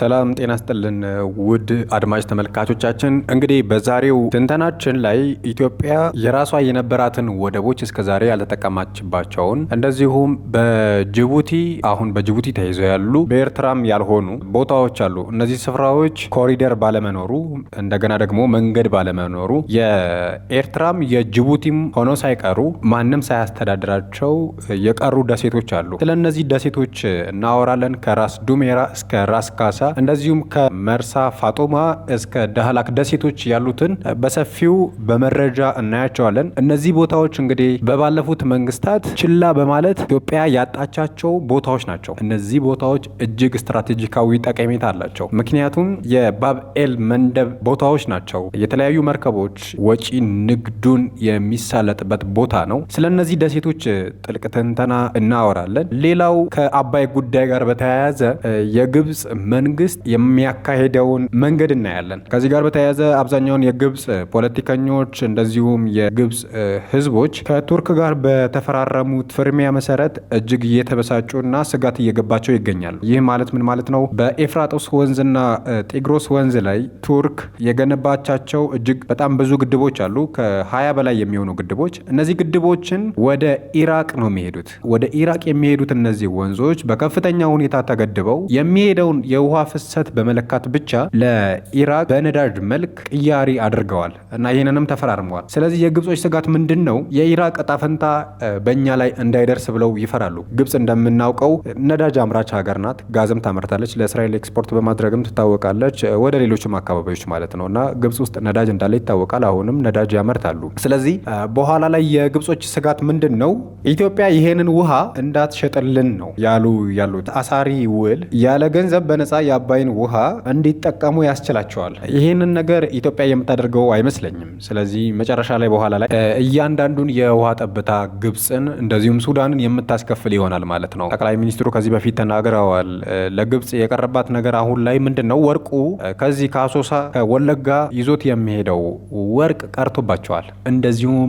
ሰላም ጤና ስጥልን ውድ አድማጭ ተመልካቾቻችን፣ እንግዲህ በዛሬው ትንተናችን ላይ ኢትዮጵያ የራሷ የነበራትን ወደቦች እስከዛሬ ያልተጠቀማችባቸውን እንደዚሁም በጅቡቲ አሁን በጅቡቲ ተይዘው ያሉ በኤርትራም ያልሆኑ ቦታዎች አሉ። እነዚህ ስፍራዎች ኮሪደር ባለመኖሩ እንደገና ደግሞ መንገድ ባለመኖሩ የኤርትራም የጅቡቲም ሆኖ ሳይቀሩ ማንም ሳያስተዳድራቸው የቀሩ ደሴቶች አሉ። ስለ እነዚህ ደሴቶች እናወራለን ከራስ ዱሜራ እስከ ራስ ካስ ሐምሳ እንደዚሁም ከመርሳ ፋጦማ እስከ ዳህላክ ደሴቶች ያሉትን በሰፊው በመረጃ እናያቸዋለን። እነዚህ ቦታዎች እንግዲህ በባለፉት መንግስታት ችላ በማለት ኢትዮጵያ ያጣቻቸው ቦታዎች ናቸው። እነዚህ ቦታዎች እጅግ ስትራቴጂካዊ ጠቀሜታ አላቸው። ምክንያቱም የባብኤል መንደብ ቦታዎች ናቸው። የተለያዩ መርከቦች ወጪ ንግዱን የሚሳለጥበት ቦታ ነው። ስለ እነዚህ ደሴቶች ጥልቅ ትንተና እናወራለን። ሌላው ከአባይ ጉዳይ ጋር በተያያዘ የግብፅ መን መንግስት የሚያካሄደውን መንገድ እናያለን። ከዚህ ጋር በተያያዘ አብዛኛውን የግብፅ ፖለቲከኞች እንደዚሁም የግብፅ ህዝቦች ከቱርክ ጋር በተፈራረሙት ፍርሚያ መሰረት እጅግ እየተበሳጩና ስጋት እየገባቸው ይገኛሉ። ይህ ማለት ምን ማለት ነው? በኤፍራጦስ ወንዝና ጤግሮስ ወንዝ ላይ ቱርክ የገነባቻቸው እጅግ በጣም ብዙ ግድቦች አሉ፣ ከሀያ በላይ የሚሆኑ ግድቦች። እነዚህ ግድቦችን ወደ ኢራቅ ነው የሚሄዱት። ወደ ኢራቅ የሚሄዱት እነዚህ ወንዞች በከፍተኛ ሁኔታ ተገድበው የሚሄደውን የውሃ የውሃ ፍሰት በመለካት ብቻ ለኢራቅ በነዳጅ መልክ ቅያሪ አድርገዋል እና ይህንንም ተፈራርመዋል። ስለዚህ የግብጾች ስጋት ምንድን ነው? የኢራቅ እጣ ፈንታ በእኛ ላይ እንዳይደርስ ብለው ይፈራሉ። ግብጽ እንደምናውቀው ነዳጅ አምራች ሀገር ናት። ጋዝም ታመርታለች። ለእስራኤል ኤክስፖርት በማድረግም ትታወቃለች፣ ወደ ሌሎችም አካባቢዎች ማለት ነው እና ግብጽ ውስጥ ነዳጅ እንዳለ ይታወቃል። አሁንም ነዳጅ ያመርታሉ። ስለዚህ በኋላ ላይ የግብጾች ስጋት ምንድን ነው? ኢትዮጵያ ይሄንን ውሃ እንዳትሸጥልን ነው ያሉ ያሉት አሳሪ ውል ያለ ገንዘብ በነፃ የአባይን ውሃ እንዲጠቀሙ ያስችላቸዋል። ይህንን ነገር ኢትዮጵያ የምታደርገው አይመስለኝም። ስለዚህ መጨረሻ ላይ በኋላ ላይ እያንዳንዱን የውሃ ጠብታ ግብፅን እንደዚሁም ሱዳንን የምታስከፍል ይሆናል ማለት ነው። ጠቅላይ ሚኒስትሩ ከዚህ በፊት ተናግረዋል። ለግብፅ የቀረባት ነገር አሁን ላይ ምንድን ነው? ወርቁ ከዚህ ከአሶሳ ከወለጋ ይዞት የሚሄደው ወርቅ ቀርቶባቸዋል። እንደዚሁም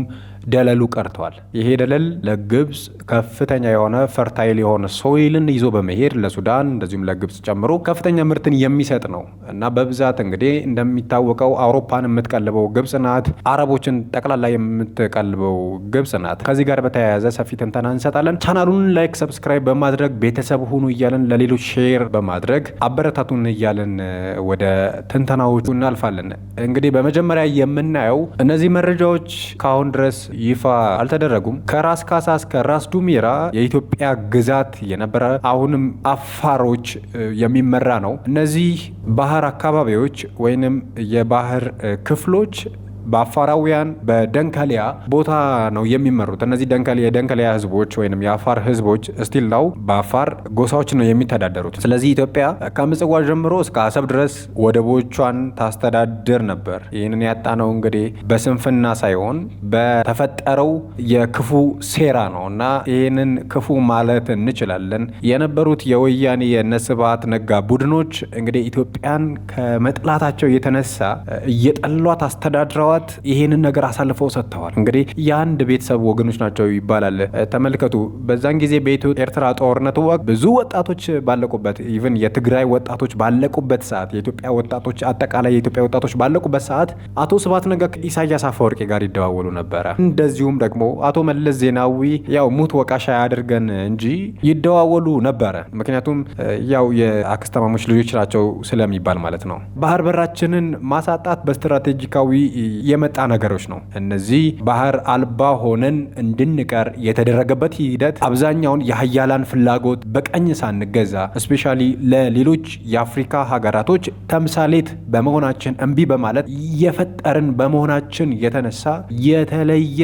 ደለሉ ቀርተዋል። ይሄ ደለል ለግብፅ ከፍተኛ የሆነ ፈርታይል የሆነ ሶይልን ይዞ በመሄድ ለሱዳን እንደዚሁም ለግብፅ ጨምሮ ከፍተኛ ምርትን የሚሰጥ ነው እና በብዛት እንግዲህ እንደሚታወቀው አውሮፓን የምትቀልበው ግብፅ ናት። አረቦችን ጠቅላላ የምትቀልበው ግብፅ ናት። ከዚህ ጋር በተያያዘ ሰፊ ትንተና እንሰጣለን። ቻናሉን ላይክ፣ ሰብስክራይብ በማድረግ ቤተሰብ ሁኑ እያለን ለሌሎች ሼር በማድረግ አበረታቱን እያለን ወደ ትንተናዎቹ እናልፋለን። እንግዲህ በመጀመሪያ የምናየው እነዚህ መረጃዎች ከአሁን ድረስ ይፋ አልተደረጉም። ከራስ ካሳ እስከ ራስ ዱሜራ የኢትዮጵያ ግዛት የነበረ አሁንም አፋሮች የሚመራ ነው። እነዚህ ባህር አካባቢዎች ወይንም የባህር ክፍሎች በአፋራውያን በደንከሊያ ቦታ ነው የሚመሩት። እነዚህ የደንከሊያ ህዝቦች ወይም የአፋር ህዝቦች እስቲል ናው በአፋር ጎሳዎች ነው የሚተዳደሩት። ስለዚህ ኢትዮጵያ ከምጽዋ ጀምሮ እስከ አሰብ ድረስ ወደቦቿን ታስተዳድር ነበር። ይህንን ያጣነው እንግዲህ በስንፍና ሳይሆን በተፈጠረው የክፉ ሴራ ነው እና ይህንን ክፉ ማለት እንችላለን። የነበሩት የወያኔ የነስብሀት ነጋ ቡድኖች እንግዲህ ኢትዮጵያን ከመጥላታቸው የተነሳ እየጠሏት አስተዳድረዋል። አባት ይሄንን ነገር አሳልፈው ሰጥተዋል። እንግዲህ የአንድ ቤተሰብ ወገኖች ናቸው ይባላል። ተመልከቱ፣ በዛን ጊዜ በኢትዮ ኤርትራ ጦርነቱ ወቅት ብዙ ወጣቶች ባለቁበት ኢቨን የትግራይ ወጣቶች ባለቁበት ሰዓት የኢትዮጵያ ወጣቶች አጠቃላይ የኢትዮጵያ ወጣቶች ባለቁበት ሰዓት አቶ ስብሐት ነጋ ኢሳያስ አፈወርቂ ጋር ይደዋወሉ ነበረ። እንደዚሁም ደግሞ አቶ መለስ ዜናዊ ያው ሙት ወቃሻ ያድርገን እንጂ ይደዋወሉ ነበረ። ምክንያቱም ያው የአክስተማሞች ልጆች ናቸው ስለሚባል ማለት ነው። ባህር በራችንን ማሳጣት በስትራቴጂካዊ የመጣ ነገሮች ነው። እነዚህ ባህር አልባ ሆነን እንድንቀር የተደረገበት ሂደት አብዛኛውን የሀያላን ፍላጎት በቀኝ ሳንገዛ እስፔሻሊ ለሌሎች የአፍሪካ ሀገራቶች ተምሳሌት በመሆናችን እምቢ በማለት የፈጠርን በመሆናችን የተነሳ የተለየ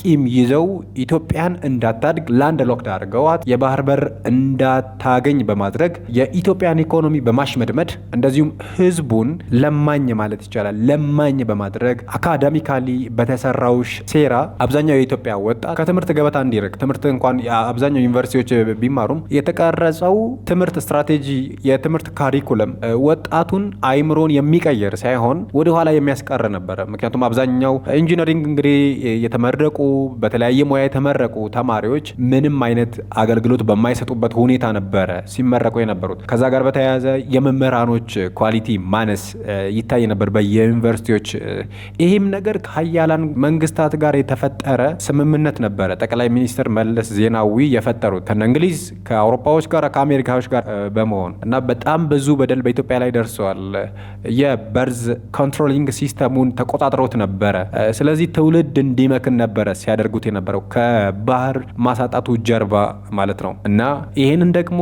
ቂም ይዘው ኢትዮጵያን እንዳታድግ ላንድ ሎክድ አድርገዋት የባህር በር እንዳታገኝ በማድረግ የኢትዮጵያን ኢኮኖሚ በማሽመድመድ እንደዚሁም ህዝቡን ለማኝ ማለት ይቻላል ለማኝ በማድረግ አካዳሚካሊ በተሰራው ሴራ አብዛኛው የኢትዮጵያ ወጣት ከትምህርት ገበታ እንዲርቅ ትምህርት እንኳን አብዛኛው ዩኒቨርሲቲዎች ቢማሩም የተቀረጸው ትምህርት ስትራቴጂ፣ የትምህርት ካሪኩለም ወጣቱን አይምሮን የሚቀይር ሳይሆን ወደኋላ የሚያስቀር ነበረ። ምክንያቱም አብዛኛው ኢንጂነሪንግ እንግዲህ የተመረቁ በተለያየ ሙያ የተመረቁ ተማሪዎች ምንም አይነት አገልግሎት በማይሰጡበት ሁኔታ ነበረ ሲመረቁ የነበሩት። ከዛ ጋር በተያያዘ የመምህራኖች ኳሊቲ ማነስ ይታይ ነበር በየዩኒቨርሲቲዎች። ይህም ነገር ከሀያላን መንግስታት ጋር የተፈጠረ ስምምነት ነበረ። ጠቅላይ ሚኒስትር መለስ ዜናዊ የፈጠሩት ከእንግሊዝ ከአውሮፓዎች ጋር ከአሜሪካዎች ጋር በመሆን እና በጣም ብዙ በደል በኢትዮጵያ ላይ ደርሰዋል። የበርዝ ኮንትሮሊንግ ሲስተሙን ተቆጣጥረውት ነበረ። ስለዚህ ትውልድ እንዲመክን ነበረ ሲያደርጉት የነበረው ከባህር ማሳጣቱ ጀርባ ማለት ነው እና ይህንን ደግሞ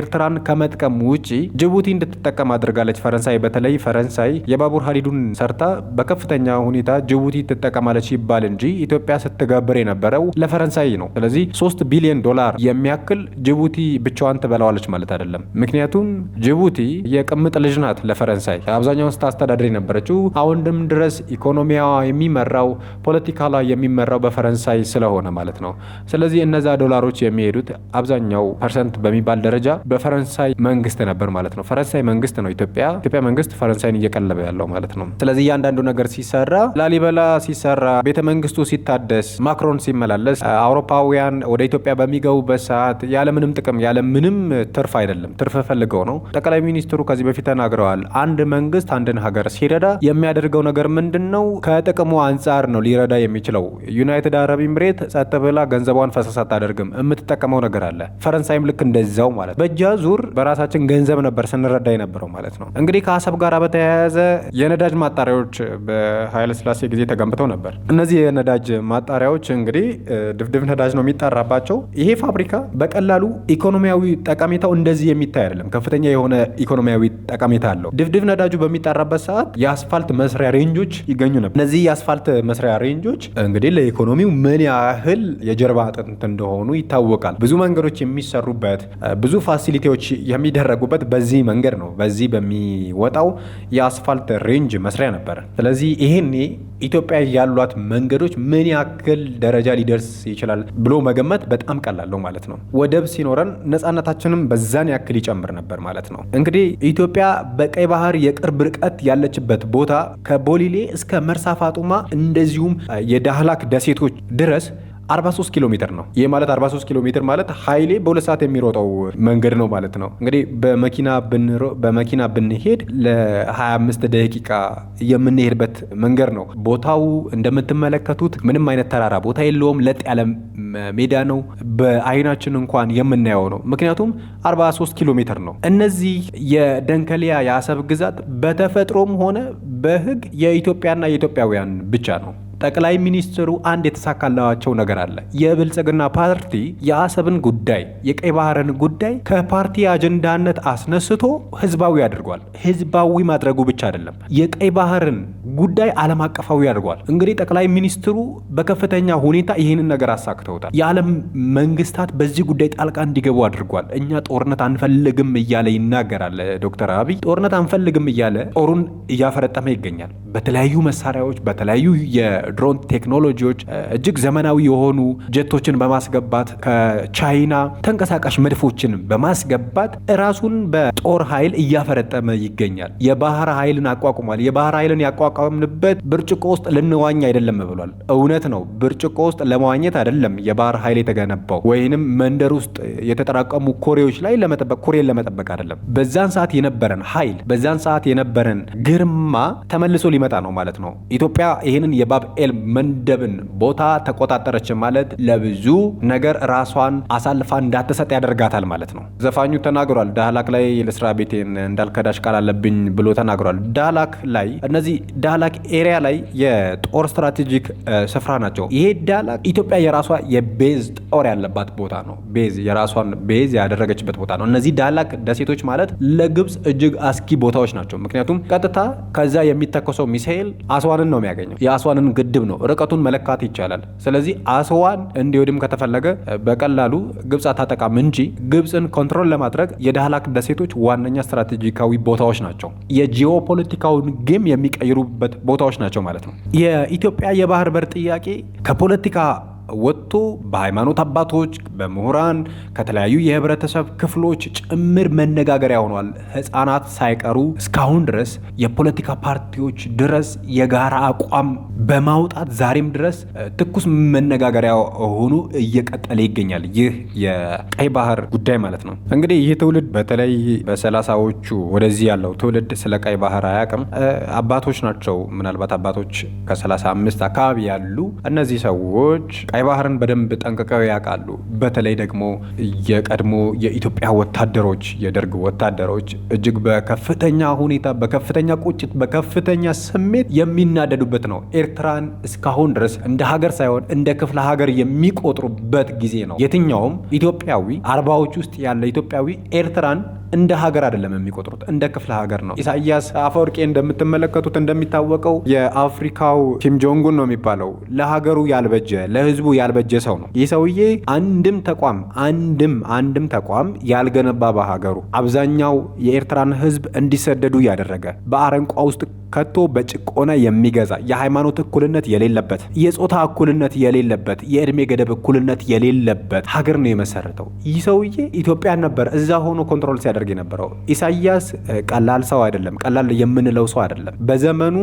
ኤርትራን ከመጥቀም ውጪ ጅቡቲ እንድትጠቀም አድርጋለች። ፈረንሳይ በተለይ ፈረንሳይ የባቡር ሀዲዱን ሰርታ በከፍተኛ ሁኔታ ጅቡቲ ትጠቀማለች ይባል እንጂ ኢትዮጵያ ስትጋብር የነበረው ለፈረንሳይ ነው። ስለዚህ ሶስት ቢሊዮን ዶላር የሚያክል ጅቡቲ ብቻዋን ትበላዋለች ማለት አይደለም። ምክንያቱም ጅቡቲ የቅምጥ ልጅ ናት ለፈረንሳይ አብዛኛውን ስታስተዳድር የነበረችው አሁንም ድረስ ኢኮኖሚያ የሚመራው ፖለቲካላ የሚመራው በፈረንሳይ ስለሆነ ማለት ነው። ስለዚህ እነዛ ዶላሮች የሚሄዱት አብዛኛው ፐርሰንት በሚባል ደረጃ በፈረንሳይ መንግስት ነበር ማለት ነው። ፈረንሳይ መንግስት ነው ኢትዮጵያ ኢትዮጵያ መንግስት ፈረንሳይን እየቀለበ ያለው ማለት ነው። ስለዚህ እያንዳንዱ ነገር ሲሰራ ሲሰራ፣ ላሊበላ ሲሰራ፣ ቤተ መንግስቱ ሲታደስ፣ ማክሮን ሲመላለስ፣ አውሮፓውያን ወደ ኢትዮጵያ በሚገቡበት ሰዓት ያለምንም ጥቅም ያለምንም ትርፍ አይደለም። ትርፍ ፈልገው ነው። ጠቅላይ ሚኒስትሩ ከዚህ በፊት ተናግረዋል። አንድ መንግስት አንድን ሀገር ሲረዳ የሚያደርገው ነገር ምንድን ነው? ከጥቅሙ አንጻር ነው ሊረዳ የሚችለው። ዩናይትድ አረብ ኤምሬት ጸጥ ብላ ገንዘቧን ፈሰስ አታደርግም። የምትጠቀመው ነገር አለ። ፈረንሳይም ልክ እንደዛው ማለት በእጃ ዙር በራሳችን ገንዘብ ነበር ስንረዳ የነበረው ማለት ነው። እንግዲህ ከአሰብ ጋር በተያያዘ የነዳጅ ማጣሪያዎች ኃይለስላሴ ጊዜ ተገንብተው ነበር። እነዚህ የነዳጅ ማጣሪያዎች እንግዲህ ድፍድፍ ነዳጅ ነው የሚጣራባቸው። ይሄ ፋብሪካ በቀላሉ ኢኮኖሚያዊ ጠቀሜታው እንደዚህ የሚታይ አይደለም። ከፍተኛ የሆነ ኢኮኖሚያዊ ጠቀሜታ አለው። ድፍድፍ ነዳጁ በሚጣራበት ሰዓት የአስፋልት መስሪያ ሬንጆች ይገኙ ነበር። እነዚህ የአስፋልት መስሪያ ሬንጆች እንግዲህ ለኢኮኖሚው ምን ያህል የጀርባ አጥንት እንደሆኑ ይታወቃል። ብዙ መንገዶች የሚሰሩበት ብዙ ፋሲሊቲዎች የሚደረጉበት በዚህ መንገድ ነው፣ በዚህ በሚወጣው የአስፋልት ሬንጅ መስሪያ ነበር። ስለዚህ ይህን ያኔ ኢትዮጵያ ያሏት መንገዶች ምን ያክል ደረጃ ሊደርስ ይችላል ብሎ መገመት በጣም ቀላለው ማለት ነው። ወደብ ሲኖረን ነፃነታችንም በዛን ያክል ይጨምር ነበር ማለት ነው። እንግዲህ ኢትዮጵያ በቀይ ባህር የቅርብ ርቀት ያለችበት ቦታ ከቦሊሌ እስከ መርሳ ፋጡማ እንደዚሁም የዳህላክ ደሴቶች ድረስ 43 ኪሎ ሜትር ነው። ይህ ማለት 43 ኪሎ ሜትር ማለት ሀይሌ በሁለት ሰዓት የሚሮጠው መንገድ ነው ማለት ነው። እንግዲህ በመኪና ብንሄድ ለ25 ደቂቃ የምንሄድበት መንገድ ነው። ቦታው እንደምትመለከቱት ምንም አይነት ተራራ ቦታ የለውም። ለጥ ያለ ሜዳ ነው። በአይናችን እንኳን የምናየው ነው። ምክንያቱም 43 ኪሎ ሜትር ነው። እነዚህ የደንከሊያ የአሰብ ግዛት በተፈጥሮም ሆነ በህግ የኢትዮጵያና የኢትዮጵያውያን ብቻ ነው። ጠቅላይ ሚኒስትሩ አንድ የተሳካላቸው ነገር አለ። የብልጽግና ፓርቲ የአሰብን ጉዳይ የቀይ ባህርን ጉዳይ ከፓርቲ አጀንዳነት አስነስቶ ህዝባዊ አድርጓል። ህዝባዊ ማድረጉ ብቻ አይደለም፣ የቀይ ባህርን ጉዳይ ዓለም አቀፋዊ አድርጓል። እንግዲህ ጠቅላይ ሚኒስትሩ በከፍተኛ ሁኔታ ይህንን ነገር አሳክተውታል። የዓለም መንግስታት በዚህ ጉዳይ ጣልቃ እንዲገቡ አድርጓል። እኛ ጦርነት አንፈልግም እያለ ይናገራል ዶክተር አብይ ጦርነት አንፈልግም እያለ ጦሩን እያፈረጠመ ይገኛል። በተለያዩ መሳሪያዎች በተለያዩ የድሮን ቴክኖሎጂዎች እጅግ ዘመናዊ የሆኑ ጀቶችን በማስገባት ከቻይና ተንቀሳቃሽ መድፎችን በማስገባት ራሱን በጦር ኃይል እያፈረጠመ ይገኛል። የባህር ኃይልን አቋቁሟል። የባህር ኃይልን ያቋቋምንበት ብርጭቆ ውስጥ ልንዋኝ አይደለም ብሏል። እውነት ነው። ብርጭቆ ውስጥ ለመዋኘት አይደለም የባህር ኃይል የተገነባው ወይንም መንደር ውስጥ የተጠራቀሙ ኮሬዎች ላይ ለመጠበቅ ኮሬን ለመጠበቅ አይደለም። በዛን ሰዓት የነበረን ኃይል በዛን ሰዓት የነበረን ግርማ ተመልሶ ሊመጣ ነው ማለት ነው። ኢትዮጵያ ይህንን የባብ ኤል መንደብን ቦታ ተቆጣጠረች ማለት ለብዙ ነገር ራሷን አሳልፋ እንዳትሰጥ ያደርጋታል ማለት ነው። ዘፋኙ ተናግሯል። ዳህላክ ላይ ለስራ ቤቴን እንዳልከዳሽ ቃል አለብኝ ብሎ ተናግሯል። ዳህላክ ላይ እነዚህ ዳህላክ ኤሪያ ላይ የጦር ስትራቴጂክ ስፍራ ናቸው። ይሄ ዳህላክ ኢትዮጵያ የራሷ የቤዝ ጦር ያለባት ቦታ ነው። ቤዝ የራሷን ቤዝ ያደረገችበት ቦታ ነው። እነዚህ ዳህላክ ደሴቶች ማለት ለግብፅ እጅግ አስኪ ቦታዎች ናቸው። ምክንያቱም ቀጥታ ከዛ የሚተኮሰው ሚሳኤል አስዋንን ነው የሚያገኘው የአስዋንን ግድብ ነው። ርቀቱን መለካት ይቻላል። ስለዚህ አስዋን እንዲወድም ከተፈለገ በቀላሉ ግብፅ አታጠቃም እንጂ ግብፅን ኮንትሮል ለማድረግ የዳህላክ ደሴቶች ዋነኛ ስትራቴጂካዊ ቦታዎች ናቸው። የጂኦፖለቲካውን ጌም የሚቀይሩበት ቦታዎች ናቸው ማለት ነው። የኢትዮጵያ የባህር በር ጥያቄ ከፖለቲካ ወጥቶ በሃይማኖት አባቶች፣ በምሁራን፣ ከተለያዩ የህብረተሰብ ክፍሎች ጭምር መነጋገሪያ ሆኗል። ህፃናት ሳይቀሩ እስካሁን ድረስ የፖለቲካ ፓርቲዎች ድረስ የጋራ አቋም በማውጣት ዛሬም ድረስ ትኩስ መነጋገሪያ ሆኖ እየቀጠለ ይገኛል። ይህ የቀይ ባህር ጉዳይ ማለት ነው። እንግዲህ ይህ ትውልድ በተለይ በሰላሳዎቹ ወደዚህ ያለው ትውልድ ስለ ቀይ ባህር አያውቅም። አባቶች ናቸው ምናልባት አባቶች ከ35 አካባቢ ያሉ እነዚህ ሰዎች ቀይ ባህርን በደንብ ጠንቅቀው ያውቃሉ። በተለይ ደግሞ የቀድሞ የኢትዮጵያ ወታደሮች የደርግ ወታደሮች እጅግ በከፍተኛ ሁኔታ በከፍተኛ ቁጭት በከፍተኛ ስሜት የሚናደዱበት ነው። ኤርትራን እስካሁን ድረስ እንደ ሀገር ሳይሆን እንደ ክፍለ ሀገር የሚቆጥሩበት ጊዜ ነው። የትኛውም ኢትዮጵያዊ አርባዎች ውስጥ ያለ ኢትዮጵያዊ ኤርትራን እንደ ሀገር አይደለም የሚቆጥሩት፣ እንደ ክፍለ ሀገር ነው። ኢሳያስ አፈወርቄ እንደምትመለከቱት እንደሚታወቀው የአፍሪካው ኪም ጆንጉን ነው የሚባለው። ለሀገሩ ያልበጀ ለህዝቡ ያልበጀ ሰው ነው። ይህ ሰውዬ አንድም ተቋም አንድም አንድም ተቋም ያልገነባ በሀገሩ አብዛኛው የኤርትራን ህዝብ እንዲሰደዱ ያደረገ በአረንቋ ውስጥ ከቶ በጭቆና የሚገዛ የሃይማኖት እኩልነት የሌለበት የጾታ እኩልነት የሌለበት የእድሜ ገደብ እኩልነት የሌለበት ሀገር ነው የመሰረተው። ይህ ሰውዬ ኢትዮጵያን ነበር እዛ ሆኖ ኮንትሮል ሲያደርግ ሲያደርግ የነበረው። ኢሳያስ ቀላል ሰው አይደለም፣ ቀላል የምንለው ሰው አይደለም። በዘመኑ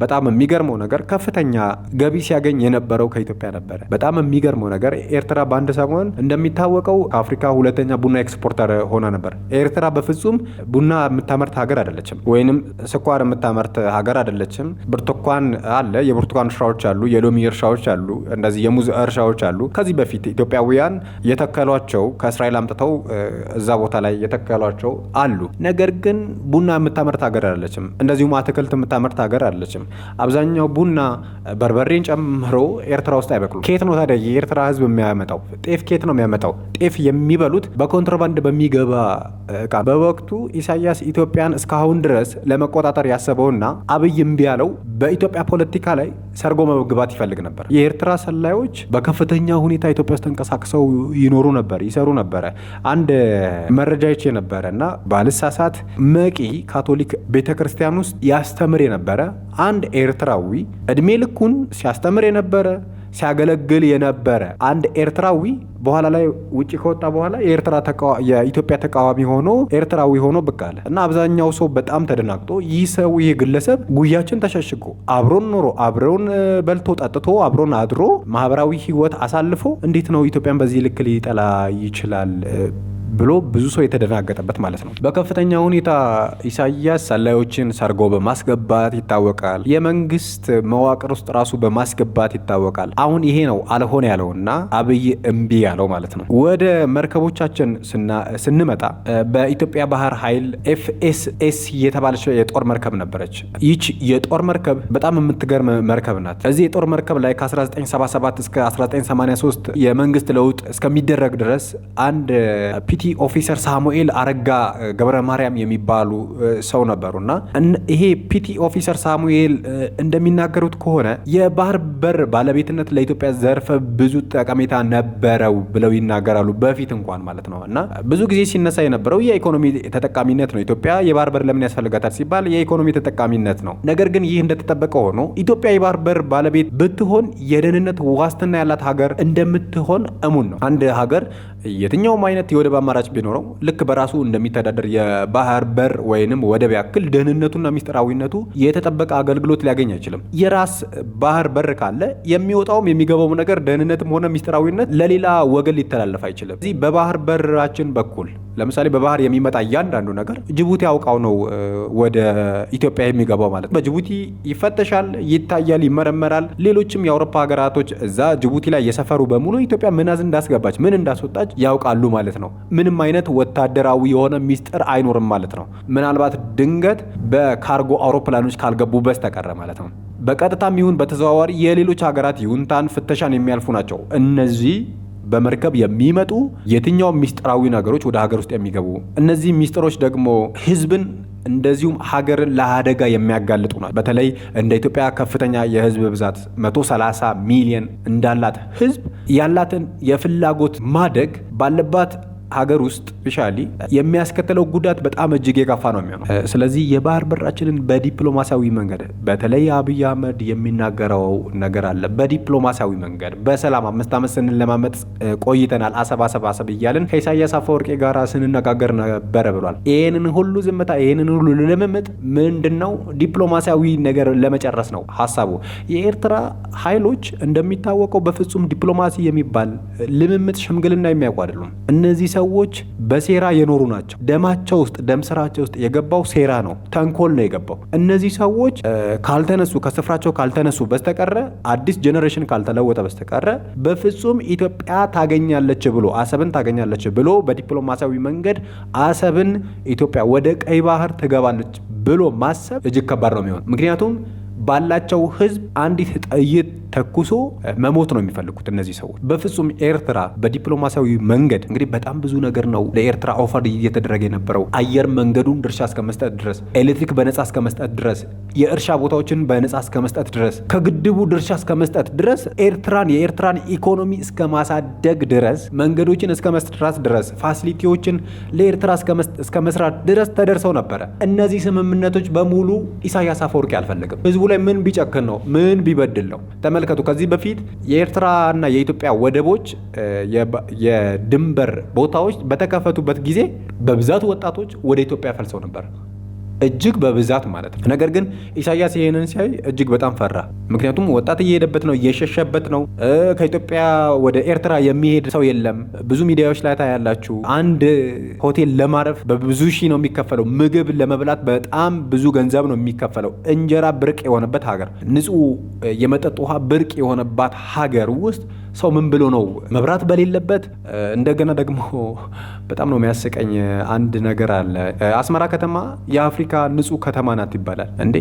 በጣም የሚገርመው ነገር ከፍተኛ ገቢ ሲያገኝ የነበረው ከኢትዮጵያ ነበረ። በጣም የሚገርመው ነገር ኤርትራ በአንድ ሰሞን እንደሚታወቀው አፍሪካ ሁለተኛ ቡና ኤክስፖርተር ሆና ነበር። ኤርትራ በፍጹም ቡና የምታመርት ሀገር አይደለችም፣ ወይንም ስኳር የምታመርት ሀገር አይደለችም። ብርቱካን አለ፣ የብርቱካን እርሻዎች አሉ፣ የሎሚ እርሻዎች አሉ፣ እንደዚህ የሙዝ እርሻዎች አሉ። ከዚህ በፊት ኢትዮጵያውያን የተከሏቸው ከእስራኤል አምጥተው እዛ ቦታ ላይ የተከሏቸው ያላቸው አሉ። ነገር ግን ቡና የምታመርት ሀገር አለችም። እንደዚሁም አትክልት የምታመርት ሀገር አለችም። አብዛኛው ቡና በርበሬን ጨምሮ ኤርትራ ውስጥ አይበቅሉም። ኬት ነው ታዲያ የኤርትራ ህዝብ የሚያመጣው? ጤፍ ኬት ነው የሚያመጣው? ጤፍ የሚበሉት በኮንትሮባንድ በሚገባ እቃ። በወቅቱ ኢሳያስ ኢትዮጵያን እስካሁን ድረስ ለመቆጣጠር ያሰበውና አብይ እምቢ ያለው በኢትዮጵያ ፖለቲካ ላይ ሰርጎ መግባት ይፈልግ ነበር። የኤርትራ ሰላዮች በከፍተኛ ሁኔታ ኢትዮጵያ ውስጥ ተንቀሳቅሰው ይኖሩ ነበር፣ ይሰሩ ነበረ። አንድ መረጃ ይቼ ነበረ የነበረና ባልሳሳት መቂ ካቶሊክ ቤተ ክርስቲያን ውስጥ ያስተምር የነበረ አንድ ኤርትራዊ እድሜ ልኩን ሲያስተምር የነበረ ሲያገለግል የነበረ አንድ ኤርትራዊ በኋላ ላይ ውጭ ከወጣ በኋላ የኤርትራ የኢትዮጵያ ተቃዋሚ ሆኖ ኤርትራዊ ሆኖ ብቅ አለ እና አብዛኛው ሰው በጣም ተደናግጦ ይህ ሰው ይህ ግለሰብ ጉያችን ተሸሽጎ አብሮን ኖሮ አብሮን በልቶ ጠጥቶ አብሮን አድሮ ማህበራዊ ሕይወት አሳልፎ እንዴት ነው ኢትዮጵያን በዚህ ልክ ሊጠላ ይችላል? ብሎ ብዙ ሰው የተደናገጠበት ማለት ነው። በከፍተኛ ሁኔታ ኢሳያስ ሰላዮችን ሰርጎ በማስገባት ይታወቃል። የመንግስት መዋቅር ውስጥ ራሱ በማስገባት ይታወቃል። አሁን ይሄ ነው አልሆን ያለውና አብይ እምቢ ያለው ማለት ነው። ወደ መርከቦቻችን ስንመጣ በኢትዮጵያ ባህር ኃይል ኤፍኤስኤስ የተባለች የጦር መርከብ ነበረች። ይች የጦር መርከብ በጣም የምትገርም መርከብ ናት። እዚህ የጦር መርከብ ላይ ከ1977 እስከ 1983 የመንግስት ለውጥ እስከሚደረግ ድረስ አንድ ዲፒቲ ኦፊሰር ሳሙኤል አረጋ ገብረ ማርያም የሚባሉ ሰው ነበሩና ይሄ ፒቲ ኦፊሰር ሳሙኤል እንደሚናገሩት ከሆነ የባህር በር ባለቤትነት ለኢትዮጵያ ዘርፈ ብዙ ጠቀሜታ ነበረው ብለው ይናገራሉ። በፊት እንኳን ማለት ነው እና ብዙ ጊዜ ሲነሳ የነበረው የኢኮኖሚ ተጠቃሚነት ነው። ኢትዮጵያ የባህር በር ለምን ያስፈልጋታል ሲባል የኢኮኖሚ ተጠቃሚነት ነው። ነገር ግን ይህ እንደተጠበቀ ሆኖ ኢትዮጵያ የባህር በር ባለቤት ብትሆን የደህንነት ዋስትና ያላት ሀገር እንደምትሆን እሙን ነው። አንድ ሀገር የትኛውም አይነት የወደብ አማራጭ ቢኖረው ልክ በራሱ እንደሚተዳደር የባህር በር ወይንም ወደብ ያክል ደህንነቱና ሚስጥራዊነቱ የተጠበቀ አገልግሎት ሊያገኝ አይችልም። የራስ ባህር በር ካለ የሚወጣውም የሚገባውም ነገር ደህንነትም ሆነ ሚስጥራዊነት ለሌላ ወገን ሊተላለፍ አይችልም። እዚህ በባህር በራችን በኩል ለምሳሌ በባህር የሚመጣ እያንዳንዱ ነገር ጅቡቲ አውቃው ነው ወደ ኢትዮጵያ የሚገባው ማለት ነው። በጅቡቲ ይፈተሻል፣ ይታያል፣ ይመረመራል። ሌሎችም የአውሮፓ ሀገራቶች እዛ ጅቡቲ ላይ የሰፈሩ በሙሉ ኢትዮጵያ ምናዝ እንዳስገባች ምን እንዳስወጣች ያውቃሉ ማለት ነው። ምንም አይነት ወታደራዊ የሆነ ሚስጥር አይኖርም ማለት ነው። ምናልባት ድንገት በካርጎ አውሮፕላኖች ካልገቡ በስተቀረ ማለት ነው። በቀጥታም ይሁን በተዘዋዋሪ የሌሎች ሀገራት ይሁንታን ፍተሻን የሚያልፉ ናቸው እነዚህ በመርከብ የሚመጡ የትኛውም ሚስጥራዊ ነገሮች ወደ ሀገር ውስጥ የሚገቡ እነዚህ ሚስጥሮች ደግሞ ህዝብን እንደዚሁም ሀገርን ለአደጋ የሚያጋልጡ ናቸው። በተለይ እንደ ኢትዮጵያ ከፍተኛ የህዝብ ብዛት 130 ሚሊዮን እንዳላት ህዝብ ያላትን የፍላጎት ማደግ ባለባት ሀገር ውስጥ ስፔሻሊ የሚያስከትለው ጉዳት በጣም እጅግ የከፋ ነው የሚሆነው። ስለዚህ የባህር በራችንን በዲፕሎማሲያዊ መንገድ በተለይ አብይ አህመድ የሚናገረው ነገር አለ። በዲፕሎማሲያዊ መንገድ በሰላም አምስት ዓመት ስንለማመጥ ቆይተናል፣ አሰብ አሰብ አሰብ እያልን ከኢሳያስ አፈወርቄ ጋር ስንነጋገር ነበረ ብሏል። ይህንን ሁሉ ዝምታ፣ ይህንን ሁሉ ልምምጥ ምንድን ነው? ዲፕሎማሲያዊ ነገር ለመጨረስ ነው ሀሳቡ። የኤርትራ ኃይሎች እንደሚታወቀው በፍጹም ዲፕሎማሲ የሚባል ልምምጥ፣ ሽምግልና የሚያውቁ አይደሉም እነዚህ ሰዎች በሴራ የኖሩ ናቸው። ደማቸው ውስጥ ደም ስራቸው ውስጥ የገባው ሴራ ነው፣ ተንኮል ነው የገባው። እነዚህ ሰዎች ካልተነሱ ከስፍራቸው ካልተነሱ በስተቀረ አዲስ ጀኔሬሽን ካልተለወጠ በስተቀረ በፍጹም ኢትዮጵያ ታገኛለች ብሎ አሰብን ታገኛለች ብሎ በዲፕሎማሲያዊ መንገድ አሰብን ኢትዮጵያ ወደ ቀይ ባህር ትገባለች ብሎ ማሰብ እጅግ ከባድ ነው የሚሆን ምክንያቱም ባላቸው ህዝብ አንዲት ጥይት ተኩሶ መሞት ነው የሚፈልጉት እነዚህ ሰዎች። በፍጹም ኤርትራ በዲፕሎማሲያዊ መንገድ እንግዲህ በጣም ብዙ ነገር ነው ለኤርትራ ኦፈር እየተደረገ የነበረው አየር መንገዱን ድርሻ እስከ መስጠት ድረስ፣ ኤሌክትሪክ በነጻ እስከ መስጠት ድረስ፣ የእርሻ ቦታዎችን በነጻ እስከ መስጠት ድረስ፣ ከግድቡ ድርሻ እስከ መስጠት ድረስ፣ ኤርትራን የኤርትራን ኢኮኖሚ እስከ ማሳደግ ድረስ፣ መንገዶችን እስከ መስራት ድረስ፣ ፋሲሊቲዎችን ለኤርትራ እስከ መስራት ድረስ ተደርሰው ነበረ። እነዚህ ስምምነቶች በሙሉ ኢሳያስ አፈወርቂ አልፈለግም። ህዝቡ ላይ ምን ቢጨክን ነው ምን ቢበድል ነው ተመልከቱ። ከዚህ በፊት የኤርትራና የኢትዮጵያ ወደቦች የድንበር ቦታዎች በተከፈቱበት ጊዜ በብዛት ወጣቶች ወደ ኢትዮጵያ ፈልሰው ነበር። እጅግ በብዛት ማለት ነው። ነገር ግን ኢሳያስ ይህንን ሲያይ እጅግ በጣም ፈራ። ምክንያቱም ወጣት እየሄደበት ነው፣ እየሸሸበት ነው። ከኢትዮጵያ ወደ ኤርትራ የሚሄድ ሰው የለም። ብዙ ሚዲያዎች ላይ ታያላችሁ። አንድ ሆቴል ለማረፍ በብዙ ሺ ነው የሚከፈለው። ምግብ ለመብላት በጣም ብዙ ገንዘብ ነው የሚከፈለው። እንጀራ ብርቅ የሆነበት ሀገር፣ ንጹህ የመጠጥ ውሃ ብርቅ የሆነባት ሀገር ውስጥ ሰው ምን ብሎ ነው መብራት በሌለበት? እንደገና ደግሞ በጣም ነው የሚያስቀኝ አንድ ነገር አለ። አስመራ ከተማ የአፍሪካ ንጹህ ከተማ ናት ይባላል። እንዴ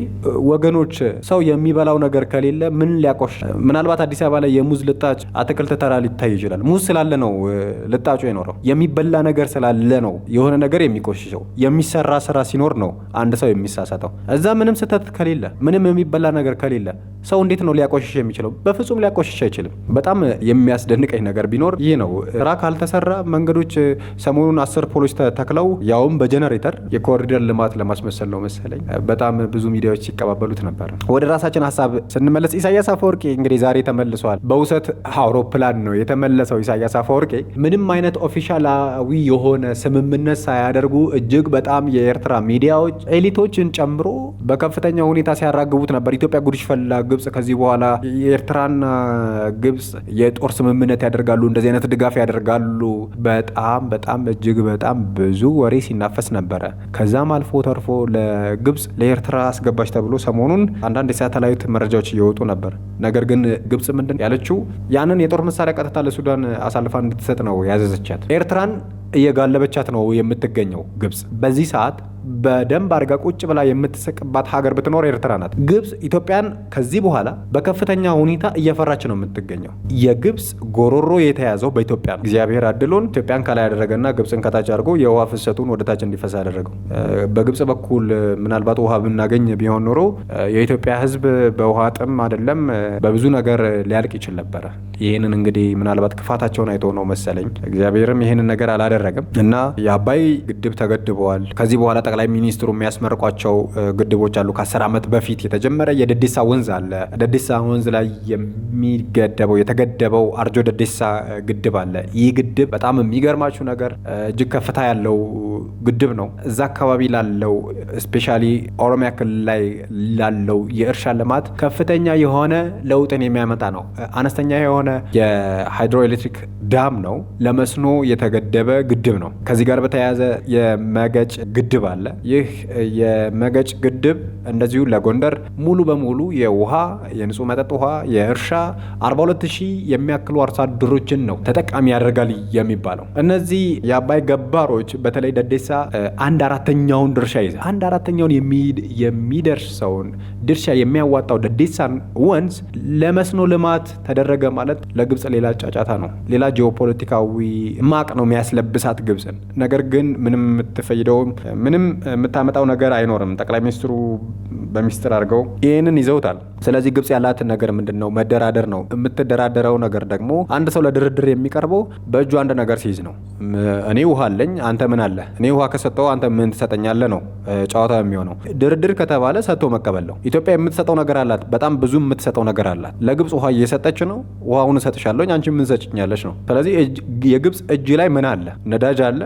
ወገኖች፣ ሰው የሚበላው ነገር ከሌለ ምን ሊያቆሽ? ምናልባት አዲስ አበባ ላይ የሙዝ ልጣጭ፣ አትክልት ተራ ሊታይ ይችላል። ሙዝ ስላለ ነው ልጣጩ የኖረው። የሚበላ ነገር ስላለ ነው የሆነ ነገር የሚቆሽሸው። የሚሰራ ስራ ሲኖር ነው አንድ ሰው የሚሳሳተው። እዛ ምንም ስህተት ከሌለ ምንም የሚበላ ነገር ከሌለ ሰው እንዴት ነው ሊያቆሽሽ የሚችለው? በፍጹም ሊያቆሽሽ አይችልም። በጣም የሚያስደንቀኝ ነገር ቢኖር ይህ ነው። ስራ ካልተሰራ መንገዶች ሰሞኑን አስር ፖሎች ተተክለው ያውም በጀነሬተር የኮሪደር ልማት ለማስመሰል ነው መሰለኝ በጣም ብዙ ሚዲያዎች ሲቀባበሉት ነበር። ወደ ራሳችን ሀሳብ ስንመለስ ኢሳያስ አፈወርቄ እንግዲህ ዛሬ ተመልሷል። በውሰት አውሮፕላን ነው የተመለሰው። ኢሳያስ አፈወርቄ ምንም አይነት ኦፊሻላዊ የሆነ ስምምነት ሳያደርጉ እጅግ በጣም የኤርትራ ሚዲያዎች ኤሊቶችን ጨምሮ በከፍተኛ ሁኔታ ሲያራግቡት ነበር። ኢትዮጵያ ጉድሽ ፈላ፣ ግብጽ ከዚህ በኋላ የኤርትራና ግብጽ የጦር ስምምነት ያደርጋሉ፣ እንደዚህ አይነት ድጋፍ ያደርጋሉ። በጣም በጣም እጅግ በጣም ብዙ ወሬ ሲናፈስ ነበረ። ከዛም አልፎ ተርፎ ለግብጽ ለኤርትራ አስገባች ተብሎ ሰሞኑን አንዳንድ የሳተላይት መረጃዎች እየወጡ ነበር። ነገር ግን ግብጽ ምንድን ያለችው ያንን የጦር መሳሪያ ቀጥታ ለሱዳን አሳልፋ እንድትሰጥ ነው ያዘዘቻት ኤርትራን እየጋለበቻት ነው የምትገኘው ግብጽ። በዚህ ሰዓት በደንብ አድርጋ ቁጭ ብላ የምትሰቅባት ሀገር ብትኖር ኤርትራ ናት። ግብጽ ኢትዮጵያን ከዚህ በኋላ በከፍተኛ ሁኔታ እየፈራች ነው የምትገኘው። የግብጽ ጎሮሮ የተያዘው በኢትዮጵያ ነው። እግዚአብሔር አድሎን ኢትዮጵያን ከላይ ያደረገና ግብጽን ከታች አድርጎ የውሃ ፍሰቱን ወደታች እንዲፈስ ያደረገው በግብጽ በኩል ምናልባት ውሃ ብናገኝ ቢሆን ኖሮ የኢትዮጵያ ሕዝብ በውሃ ጥም አይደለም በብዙ ነገር ሊያልቅ ይችል ነበረ። ይህንን እንግዲህ ምናልባት ክፋታቸውን አይቶ ነው መሰለኝ እግዚአብሔርም ይህንን ነገር አላደ አይደረግም እና የአባይ ግድብ ተገድበዋል። ከዚህ በኋላ ጠቅላይ ሚኒስትሩ የሚያስመርቋቸው ግድቦች አሉ። ከአስር ዓመት በፊት የተጀመረ የደዴሳ ወንዝ አለ። ደዴሳ ወንዝ ላይ የሚገደበው የተገደበው አርጆ ደዴሳ ግድብ አለ። ይህ ግድብ በጣም የሚገርማችሁ ነገር እጅግ ከፍታ ያለው ግድብ ነው። እዛ አካባቢ ላለው ስፔሻሊ ኦሮሚያ ክልል ላይ ላለው የእርሻ ልማት ከፍተኛ የሆነ ለውጥን የሚያመጣ ነው። አነስተኛ የሆነ የሃይድሮኤሌክትሪክ ዳም ነው። ለመስኖ የተገደበ ግድብ ነው። ከዚህ ጋር በተያያዘ የመገጭ ግድብ አለ። ይህ የመገጭ ግድብ እንደዚሁ ለጎንደር ሙሉ በሙሉ የውሃ የንጹህ መጠጥ ውሃ፣ የእርሻ 42 የሚያክሉ አርሶ አደሮችን ነው ተጠቃሚ ያደርጋል የሚባለው። እነዚህ የአባይ ገባሮች በተለይ ደዴሳ አንድ አራተኛውን ድርሻ ይዘ አንድ አራተኛውን የሚደርሰውን ድርሻ የሚያዋጣው ደዴሳን ወንዝ ለመስኖ ልማት ተደረገ ማለት ለግብጽ ሌላ ጫጫታ ነው፣ ሌላ ጂኦፖለቲካዊ ማቅ ነው የሚያስለብስ ግሳት ግብጽን። ነገር ግን ምንም የምትፈይደው ምንም የምታመጣው ነገር አይኖርም። ጠቅላይ ሚኒስትሩ በሚስጥር አድርገው ይህንን ይዘውታል። ስለዚህ ግብጽ ያላትን ነገር ምንድን ነው? መደራደር ነው። የምትደራደረው ነገር ደግሞ አንድ ሰው ለድርድር የሚቀርበው በእጁ አንድ ነገር ሲይዝ ነው። እኔ ውሃ አለኝ፣ አንተ ምን አለ? እኔ ውሃ ከሰጠው አንተ ምን ትሰጠኛለ? ነው ጨዋታ የሚሆነው። ድርድር ከተባለ ሰጥቶ መቀበል ነው። ኢትዮጵያ የምትሰጠው ነገር አላት፣ በጣም ብዙ የምትሰጠው ነገር አላት። ለግብጽ ውሃ እየሰጠች ነው። ውሃውን እሰጥሻለኝ፣ አንቺ ምን ሰጭኛለች ነው። ስለዚህ የግብጽ እጅ ላይ ምን አለ? ነዳጅ አለ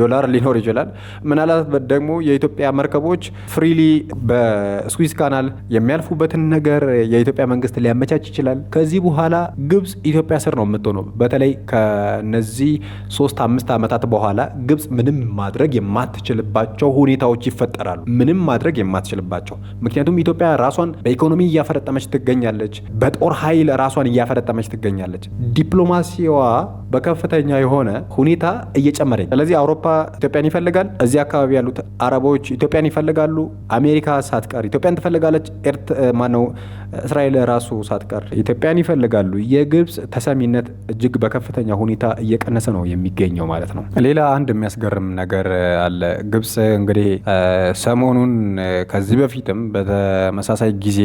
ዶላር ሊኖር ይችላል። ምናልባት ደግሞ የኢትዮጵያ መርከቦች ፍሪሊ በስዊስ ካናል የሚያልፉበትን ነገር የኢትዮጵያ መንግስት ሊያመቻች ይችላል። ከዚህ በኋላ ግብጽ ኢትዮጵያ ስር ነው የምትሆነው። በተለይ ከነዚህ ሶስት አምስት ዓመታት በኋላ ግብጽ ምንም ማድረግ የማትችልባቸው ሁኔታዎች ይፈጠራሉ። ምንም ማድረግ የማትችልባቸው ምክንያቱም ኢትዮጵያ ራሷን በኢኮኖሚ እያፈረጠመች ትገኛለች። በጦር ኃይል ራሷን እያፈረጠመች ትገኛለች። ዲፕሎማሲዋ በከፍተኛ የሆነ ሁኔታ እየጨመረ ስለዚህ አውሮፓ ኢትዮጵያን ይፈልጋል። እዚህ አካባቢ ያሉት አረቦች ኢትዮጵያን ይፈልጋሉ። አሜሪካ ሳትቀር ኢትዮጵያን ትፈልጋለች። ኤርት ማነው እስራኤል ራሱ ሳትቀር ኢትዮጵያን ይፈልጋሉ። የግብጽ ተሰሚነት እጅግ በከፍተኛ ሁኔታ እየቀነሰ ነው የሚገኘው ማለት ነው። ሌላ አንድ የሚያስገርም ነገር አለ። ግብጽ እንግዲህ ሰሞኑን ከዚህ በፊትም በተመሳሳይ ጊዜ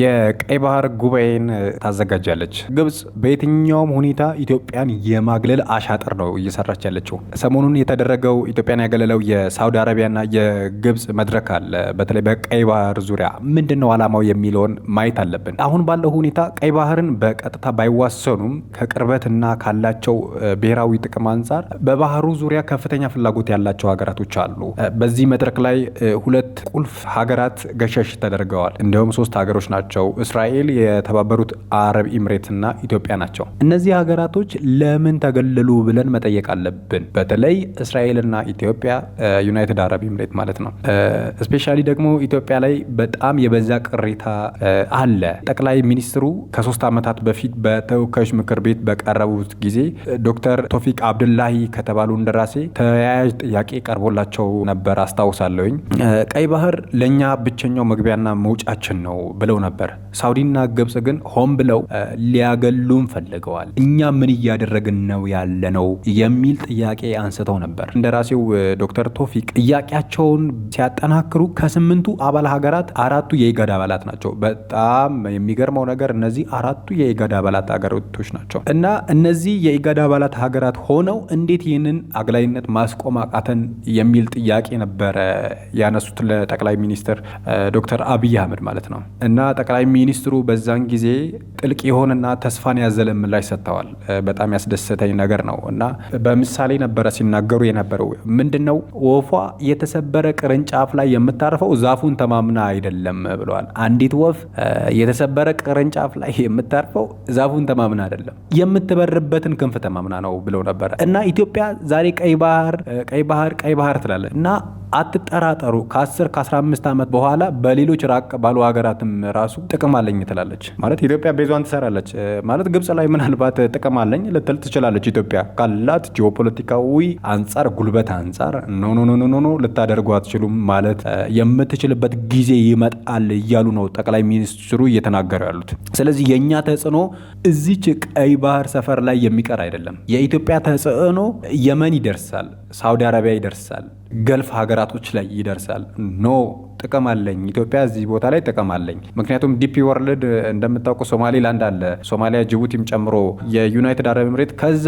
የቀይ ባህር ጉባኤን ታዘጋጃለች። ግብጽ በየትኛውም ሁኔታ ኢትዮጵያን የማግለል አሻጥር ነው እየሰራች ያለችው። ሰሞኑን የተደረገው ኢትዮጵያን ያገለለው የሳውዲ አረቢያና የግብጽ መድረክ አለ። በተለይ በቀይ ባህር ዙሪያ ምንድን ነው አላማው የሚለውን ማየት ማየት አለብን። አሁን ባለው ሁኔታ ቀይ ባህርን በቀጥታ ባይዋሰኑም ከቅርበትና ካላቸው ብሔራዊ ጥቅም አንጻር በባህሩ ዙሪያ ከፍተኛ ፍላጎት ያላቸው ሀገራቶች አሉ። በዚህ መድረክ ላይ ሁለት ቁልፍ ሀገራት ገሸሽ ተደርገዋል። እንዲሁም ሶስት ሀገሮች ናቸው። እስራኤል፣ የተባበሩት አረብ ኢምሬትና ኢትዮጵያ ናቸው። እነዚህ ሀገራቶች ለምን ተገለሉ ብለን መጠየቅ አለብን። በተለይ እስራኤልና ኢትዮጵያ፣ ዩናይትድ አረብ ኢምሬት ማለት ነው። ስፔሻሊ ደግሞ ኢትዮጵያ ላይ በጣም የበዛ ቅሬታ አለ። ጠቅላይ ሚኒስትሩ ከሶስት ዓመታት በፊት በተወካዮች ምክር ቤት በቀረቡት ጊዜ ዶክተር ቶፊቅ አብዱላሂ ከተባሉ እንደራሴ ተያያዥ ጥያቄ ቀርቦላቸው ነበር አስታውሳለሁኝ። ቀይ ባህር ለእኛ ብቸኛው መግቢያና መውጫችን ነው ብለው ነበር። ሳውዲና ግብጽ ግን ሆን ብለው ሊያገሉን ፈልገዋል። እኛ ምን እያደረግን ነው ያለ ነው የሚል ጥያቄ አንስተው ነበር እንደራሴው ዶክተር ቶፊቅ። ጥያቄያቸውን ሲያጠናክሩ ከስምንቱ አባል ሀገራት አራቱ የኢጋድ አባላት ናቸው። በጣም በጣም የሚገርመው ነገር እነዚህ አራቱ የኢጋድ አባላት ሀገራቶች ናቸው እና እነዚህ የኢጋድ አባላት ሀገራት ሆነው እንዴት ይህንን አግላይነት ማስቆም አቃተን የሚል ጥያቄ ነበረ ያነሱት ለጠቅላይ ሚኒስትር ዶክተር አብይ አህመድ ማለት ነው። እና ጠቅላይ ሚኒስትሩ በዛን ጊዜ ጥልቅ የሆነና ተስፋን ያዘለ ምላሽ ሰጥተዋል። በጣም ያስደሰተኝ ነገር ነው እና በምሳሌ ነበረ ሲናገሩ የነበረው ምንድን ነው ወፏ የተሰበረ ቅርንጫፍ ላይ የምታርፈው ዛፉን ተማምና አይደለም ብለዋል። አንዲት ወፍ የተሰበረ ቅርንጫፍ ላይ የምታርፈው ዛፉን ተማምና አይደለም፣ የምትበርበትን ክንፍ ተማምና ነው ብለው ነበረ እና ኢትዮጵያ ዛሬ ቀይ ባህር ቀይ ባህር ቀይ ባህር ትላለች እና አትጠራጠሩ። ከ10 ከ15 ዓመት በኋላ በሌሎች ራቅ ባሉ ሀገራትም ራሱ ጥቅም አለኝ ትላለች። ማለት ኢትዮጵያ ቤዟን ትሰራለች ማለት ግብጽ ላይ ምናልባት ጥቅም አለኝ ልትል ትችላለች። ኢትዮጵያ ካላት ጂኦፖለቲካዊ አንጻር ጉልበት አንጻር ኖ ኖ ኖ ኖ ልታደርጉ አትችሉም ማለት የምትችልበት ጊዜ ይመጣል እያሉ ነው ጠቅላይ ሚኒስትሩ እየተናገሩ ያሉት። ስለዚህ የእኛ ተጽዕኖ እዚች ቀይ ባህር ሰፈር ላይ የሚቀር አይደለም። የኢትዮጵያ ተጽዕኖ የመን ይደርሳል። ሳውዲ አረቢያ ይደርሳል፣ ገልፍ ሀገራቶች ላይ ይደርሳል። ኖ ጥቅም አለኝ ኢትዮጵያ እዚህ ቦታ ላይ ጥቅም አለኝ። ምክንያቱም ዲፒ ወርልድ እንደምታውቁ ላንድ አለ፣ ሶማሊያ ጅቡቲም ጨምሮ የዩናይትድ አረብ ኤምሬት ከዛ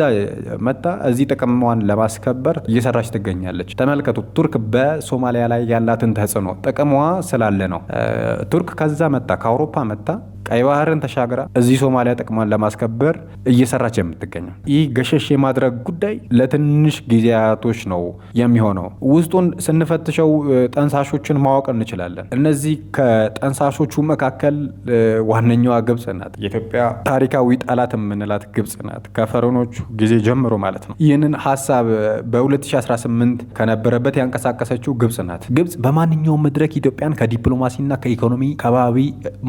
መጣ እዚህ ጥቅሟን ለማስከበር እየሰራች ትገኛለች። ተመልከቱ ቱርክ በሶማሊያ ላይ ያላትን ተጽዕኖ ጥቅሟ ስላለ ነው። ቱርክ ከዛ መጣ ከአውሮፓ መጣ ቀይ ባህርን ተሻግራ እዚህ ሶማሊያ ጥቅሟን ለማስከበር እየሰራች የምትገኘው ይህ ገሸሽ የማድረግ ጉዳይ ለትንሽ ጊዜያቶች ነው የሚሆነው። ውስጡን ስንፈትሸው ጠንሳሾችን ማወቅ እንችላለን። እነዚህ ከጠንሳሾቹ መካከል ዋነኛዋ ግብጽ ናት። የኢትዮጵያ ታሪካዊ ጠላት የምንላት ግብጽ ናት፣ ከፈረኖቹ ጊዜ ጀምሮ ማለት ነው። ይህንን ሀሳብ በ2018 ከነበረበት ያንቀሳቀሰችው ግብጽ ናት። ግብጽ በማንኛውም መድረክ ኢትዮጵያን ከዲፕሎማሲና ከኢኮኖሚ ከባቢ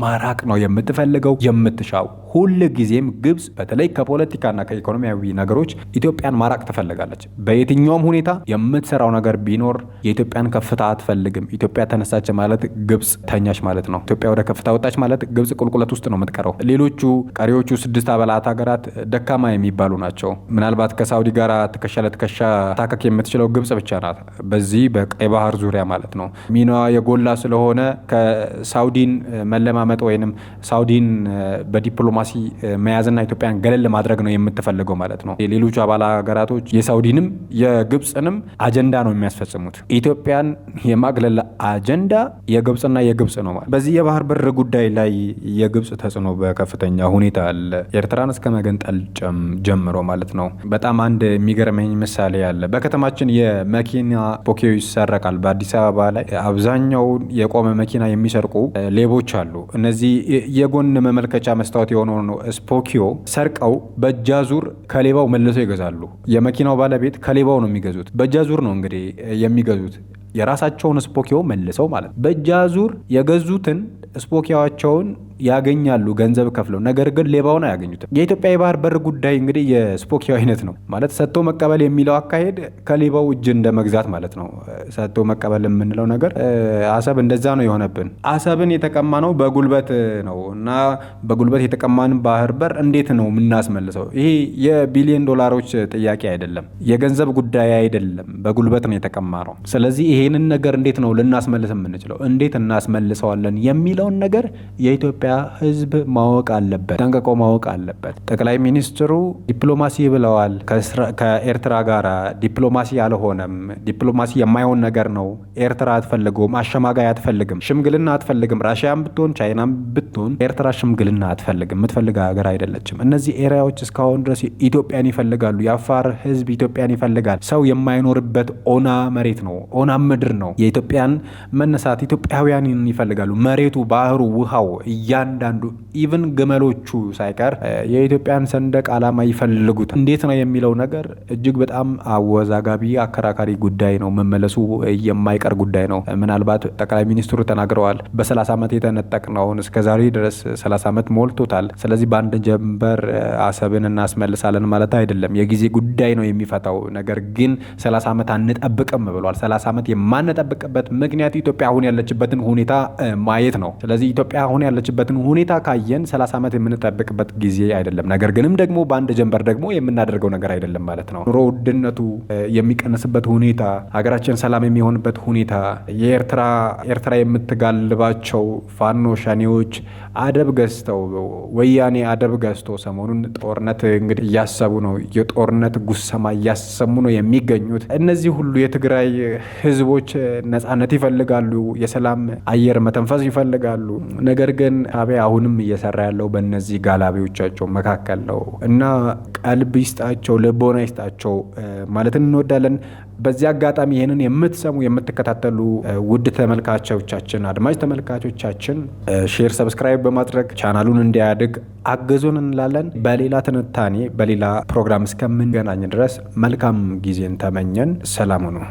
ማራቅ ነው የምት የምትፈልገው የምትሻው ሁል ጊዜም ግብጽ በተለይ ከፖለቲካና ከኢኮኖሚያዊ ነገሮች ኢትዮጵያን ማራቅ ትፈልጋለች። በየትኛውም ሁኔታ የምትሰራው ነገር ቢኖር የኢትዮጵያን ከፍታ አትፈልግም። ኢትዮጵያ ተነሳች ማለት ግብጽ ተኛች ማለት ነው። ኢትዮጵያ ወደ ከፍታ ወጣች ማለት ግብጽ ቁልቁለት ውስጥ ነው የምትቀረው። ሌሎቹ ቀሪዎቹ ስድስት አባላት ሀገራት ደካማ የሚባሉ ናቸው። ምናልባት ከሳውዲ ጋር ትከሻ ለትከሻ ታከክ የምትችለው ግብጽ ብቻ ናት። በዚህ በቀይ ባህር ዙሪያ ማለት ነው። ሚናዋ የጎላ ስለሆነ ከሳውዲን መለማመጥ ወይንም ሳውዲን በዲፕሎማሲ መያዝና ኢትዮጵያን ገለል ማድረግ ነው የምትፈልገው ማለት ነው። የሌሎቹ አባል ሀገራቶች የሳውዲንም የግብፅንም አጀንዳ ነው የሚያስፈጽሙት። ኢትዮጵያን የማግለል አጀንዳ የግብፅና የግብፅ ነው ማለት። በዚህ የባህር በር ጉዳይ ላይ የግብፅ ተጽዕኖ በከፍተኛ ሁኔታ አለ፣ ኤርትራን እስከ መገንጠል ጀምሮ ማለት ነው። በጣም አንድ የሚገርመኝ ምሳሌ አለ። በከተማችን የመኪና ፖኬዮ ይሰረቃል። በአዲስ አበባ ላይ አብዛኛውን የቆመ መኪና የሚሰርቁ ሌቦች አሉ። እነዚህ የጎን መመልከቻ መስታወት የሆነውን ስፖኪዮ ሰርቀው በእጃዙር ከሌባው መልሰው ይገዛሉ። የመኪናው ባለቤት ከሌባው ነው የሚገዙት። በእጃዙር ነው እንግዲህ የሚገዙት የራሳቸውን ስፖኪዮ መልሰው ማለት ነው። በእጃዙር የገዙትን ስፖኪያቸውን ያገኛሉ ገንዘብ ከፍለው፣ ነገር ግን ሌባውን አያገኙትም። የኢትዮጵያ የባህር በር ጉዳይ እንግዲህ የስፖኪው አይነት ነው ማለት ሰጥቶ መቀበል የሚለው አካሄድ ከሌባው እጅ እንደ መግዛት ማለት ነው። ሰጥቶ መቀበል የምንለው ነገር አሰብ እንደዛ ነው የሆነብን። አሰብን የተቀማ ነው በጉልበት ነው እና በጉልበት የተቀማን ባህር በር እንዴት ነው የምናስመልሰው? ይሄ የቢሊዮን ዶላሮች ጥያቄ አይደለም፣ የገንዘብ ጉዳይ አይደለም። በጉልበት ነው የተቀማ ነው። ስለዚህ ይሄንን ነገር እንዴት ነው ልናስመልስ የምንችለው? እንዴት እናስመልሰዋለን የሚለውን ነገር የኢትዮጵያ የኢትዮጵያ ሕዝብ ማወቅ አለበት፣ ጠንቅቆ ማወቅ አለበት። ጠቅላይ ሚኒስትሩ ዲፕሎማሲ ብለዋል። ከኤርትራ ጋር ዲፕሎማሲ አልሆነም። ዲፕሎማሲ የማይሆን ነገር ነው። ኤርትራ አትፈልገውም፣ አሸማጋይ አትፈልግም፣ ሽምግልና አትፈልግም። ራሽያም ብትሆን ቻይናም ብትሆን ኤርትራ ሽምግልና አትፈልግም፣ የምትፈልግ ሀገር አይደለችም። እነዚህ ኤሪያዎች እስካሁን ድረስ ኢትዮጵያን ይፈልጋሉ። የአፋር ሕዝብ ኢትዮጵያን ይፈልጋል። ሰው የማይኖርበት ኦና መሬት ነው፣ ኦና ምድር ነው። የኢትዮጵያን መነሳት ኢትዮጵያውያን ይፈልጋሉ። መሬቱ፣ ባህሩ፣ ውሃው እያንዳንዱ ኢቭን ግመሎቹ ሳይቀር የኢትዮጵያን ሰንደቅ ዓላማ ይፈልጉት እንዴት ነው የሚለው ነገር እጅግ በጣም አወዛጋቢ አከራካሪ ጉዳይ ነው። መመለሱ የማይቀር ጉዳይ ነው። ምናልባት ጠቅላይ ሚኒስትሩ ተናግረዋል። በ30 ዓመት የተነጠቅነውን እስከዛሬ ድረስ 30 ዓመት ሞልቶታል። ስለዚህ በአንድ ጀንበር አሰብን እናስመልሳለን ማለት አይደለም። የጊዜ ጉዳይ ነው የሚፈታው። ነገር ግን 30 ዓመት አንጠብቅም ብሏል። 30 ዓመት የማንጠብቅበት ምክንያት ኢትዮጵያ አሁን ያለችበትን ሁኔታ ማየት ነው። ስለዚህ ኢትዮጵያ አሁን ያለችበት ያለንበትን ሁኔታ ካየን 30 ዓመት የምንጠብቅበት ጊዜ አይደለም። ነገር ግንም ደግሞ በአንድ ጀንበር ደግሞ የምናደርገው ነገር አይደለም ማለት ነው። ኑሮ ውድነቱ የሚቀንስበት ሁኔታ፣ ሀገራችን ሰላም የሚሆንበት ሁኔታ፣ የኤርትራ ኤርትራ የምትጋልባቸው ፋኖ ሸኔዎች አደብ ገዝተው ወያኔ አደብ ገዝቶ ሰሞኑን ጦርነት እንግዲህ እያሰቡ ነው፣ የጦርነት ጉሰማ እያሰሙ ነው የሚገኙት። እነዚህ ሁሉ የትግራይ ህዝቦች ነጻነት ይፈልጋሉ፣ የሰላም አየር መተንፈስ ይፈልጋሉ። ነገር ግን ሻዕቢያ አሁንም እየሰራ ያለው በእነዚህ ጋላቢዎቻቸው መካከል ነው እና ቀልብ ይስጣቸው፣ ልቦና ይስጣቸው ማለት እንወዳለን። በዚህ አጋጣሚ ይህንን የምትሰሙ የምትከታተሉ ውድ ተመልካቾቻችን፣ አድማጭ ተመልካቾቻችን ሼር፣ ሰብስክራይብ በማድረግ ቻናሉን እንዲያድግ አገዙን እንላለን። በሌላ ትንታኔ በሌላ ፕሮግራም እስከምንገናኝ ድረስ መልካም ጊዜን ተመኘን። ሰላም ሁኑ።